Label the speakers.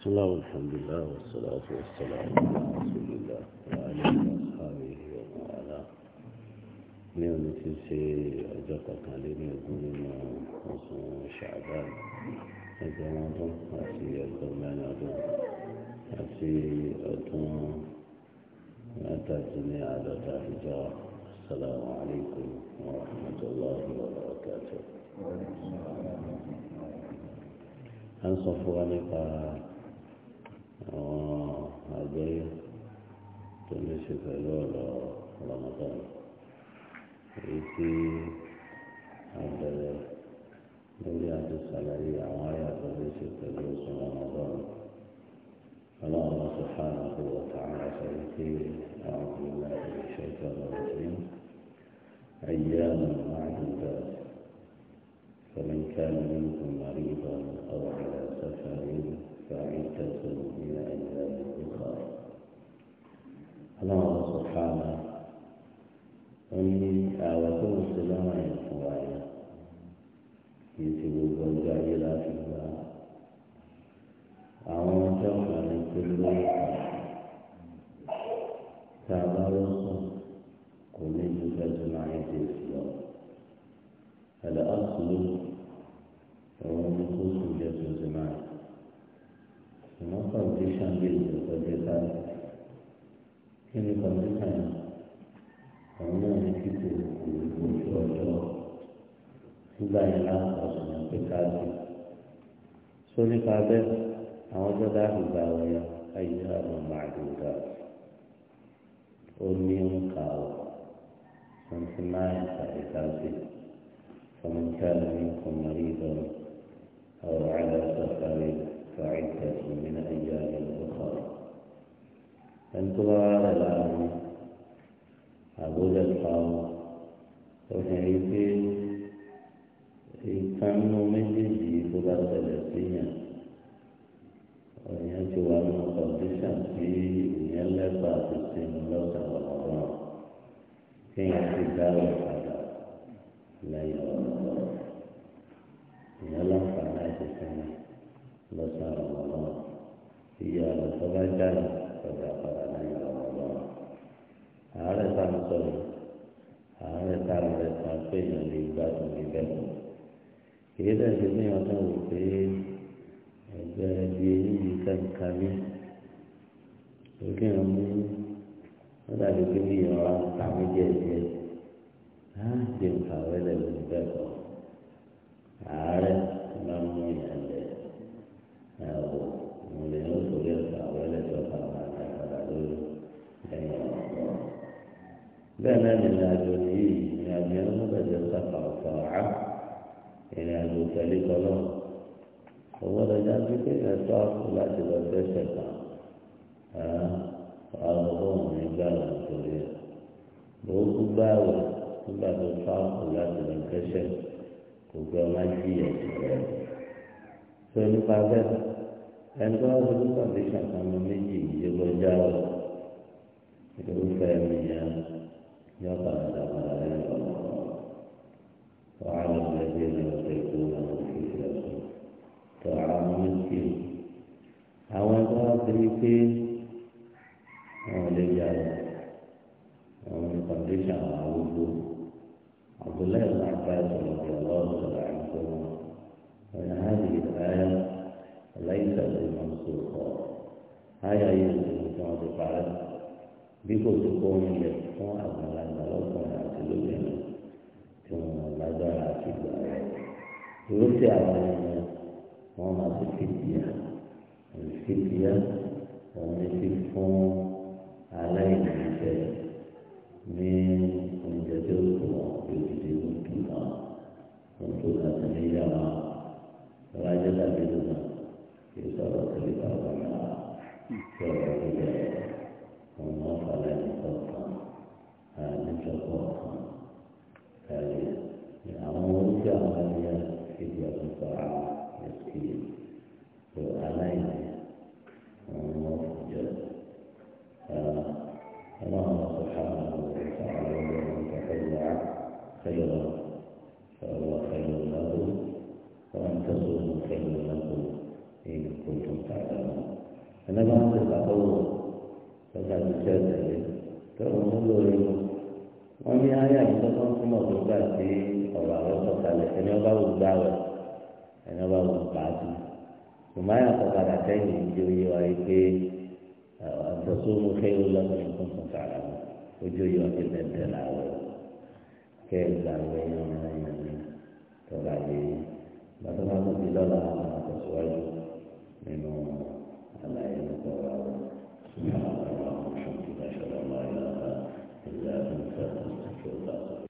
Speaker 1: بسم الله والحمد لله والصلاة والسلام على رسول الله وعلى أصحابه وعلى نعم تنسي أجاقك علينا يقولون وصول شعبان أجاقنا أدوم أسي أجاقنا أدوم أسي أدوم أتاتني على تحجا السلام عليكم ورحمة الله وبركاته أنصفوا عليك ṣe pẹ̀lú ọ̀rọ̀ Ramadan èyí tí a bẹ̀rẹ̀ lórí àti sàlàyé Ramadan اللهم سبحانه وتعالى سيدي أعوذ بالله من الشيطان الرجيم أيام معدودات فمن كان منكم مريضا أو على سفر فعدة من أيام أخرى ọlọ́run sọ fáwọn wọn ní àwọ̀ tó ń ṣe lọ́wọ́ ẹ̀ fún wa yẹn kì í ṣe gbogbo ọjọ́ ayé láti gbà àwọn ọjọ́ kan ní tó lóyún kan tá a bá lọ sùn kò ní ju fẹ́jọ́ náà ẹ̀ dé sí lọ. ẹ̀dá ọ̀sùn òun ni kó sùn jẹ́ tuntun náà. ìmọ̀kàn tí sàn lè lò kọjá káàkiri kí ni kọ̀m̀pútà náà àwọn náà ní kíkó òwúrò ojú ọjọ́ nígbà yẹn láǹkọ̀ọ̀sọ̀ náà pé káàdì só nípa bẹ́ẹ̀ àwọn ọjọ́ dáàbò gba ọ̀yà ayé àwọn ọmọ àdúgbò ó ní òǹkà ọ̀ twenty nine thirty thousand from Germany nípa wọn obìnrin pé ìkan nínú méjèèjì tó bá ṣẹlẹ̀ síyàn èèyàn ti wà nínú kọ̀ǹdíṣàn tí èèyàn lẹ́gbàá ti ṣe ní lọ́sàn ọ̀rọ̀ kéèyàn ti dáwọ̀ padà lẹ́yìn ọ̀rọ̀ èèyàn láǹfààní àti sinmi lọ́sàn ọ̀rọ̀ iye ọ̀rọ̀ tó bá jáde ọ̀dà padà lẹ́yìn ọ̀rọ̀ ààrẹ tá a ń sọ yìí. àwọn ẹ̀ka rẹ̀ kan pé èèyàn lè gbádùn níbẹ̀ kìí dẹ̀ ṣe ní ọdún wò pé ẹgbẹ́ ẹbí yìí kankan ní lókè hàn mú wọ́n dàbí pé ní ìyàn wa ń ta mí díẹ̀ díẹ̀ á ṣe ń kàwé lẹ́nu níbẹ̀ kọ́ ààrẹ máa ń mú ìyàn lẹ̀ ẹ̀ mo lè ní oṣù lẹ́nu kàwé lẹ́nu ọ̀gá àwọn àtàkàrà lórí ẹ̀yìn ọ̀gá bẹ́ẹ̀ náà ní ìrìnàjò. يعمل بجزاء وطاعة إلى المثالي قلوم هو رجال بكين أسواق لا تبدأ شكا أرغم من قال الكبير بوك باوة تبقى أسواق لا تبدأ شكا كوكو ما فيه سوني قابل أنت أرغم بشكا من مجي يبقى جاوة يقول فهمي يا يقع அவன் தம்பி அவுது அதுல எல்லாத்தையும் சொல்லுவோம் சொல்லுவோம் அதனால இதுல லைஃப் அது மனசு இருக்கும் ஆயிருக்கும் அது பல விபத்து போனில் இருக்கும் அதனால அந்த அளவுக்கு அதில் நல்லதாக்கி இருபத்தி ஆறாயிரம் போனாது சித்தியா சித்தியா உன்னை சிரிப்போம் علينا شيء من أنجدكم بوجودكم وانتم تنيرا راجل بنا في صلاة الإبادة شرعية وما فلا يقطع هذا آه، شقوقا ثانيا لأمر جعلني في الصراع مسكين وعلينا wúlò rẹ̀ mọ́ wọ́n ní ayé àyíká tó ń túmọ̀ tó gbà sí ọ̀rọ̀ àwọn sọ̀kalẹ̀ ẹni ọba wò gbà wẹ̀ ẹni ọba wò gbà á dùn ṣùgbọ́n àyà sọ̀kalẹ̀ àtẹ́yìn ìdí oyè wa yìí pé àtọ̀sọ́mù kẹ́yìn lọ́kùnrin tó ń sọ̀ kàrà mọ́ ojú oyè wa ti tẹ̀tẹ̀ làwẹ̀ kẹ́yìn gbàgbé yẹn tọ́lá yìí bàtà ti lọ́la àwọn ìlànà ìfẹ́ àti ìfẹ́ ọ̀la.